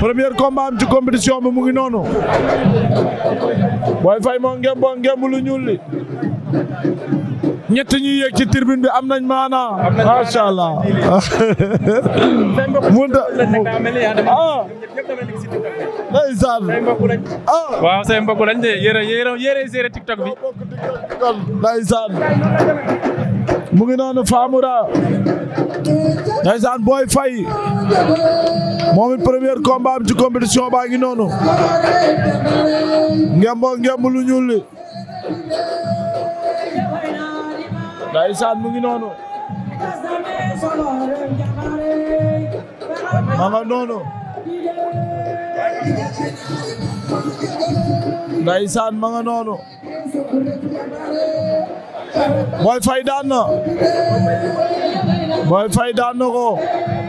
premier combat am ci compétition bi mu ngi noonu Boy Faye moo ngem boo ngem ñuul li ñett ñuy yéeg ci tribune bi am nañ maana macha allah munta ah ndeysaan ah waaw say mbokk lañ de yére yére yére tiktok bi ndeysaan mu ngi noonu Famoura ndeysaan Boy Faye moom it premier combat ci compétition baa ngi noonu ngembo ngemb lu ñuul li ndeysaan mu ngi noonu ma nga noonu ndeysaan ma nga noonu Boy Faye daan na Boy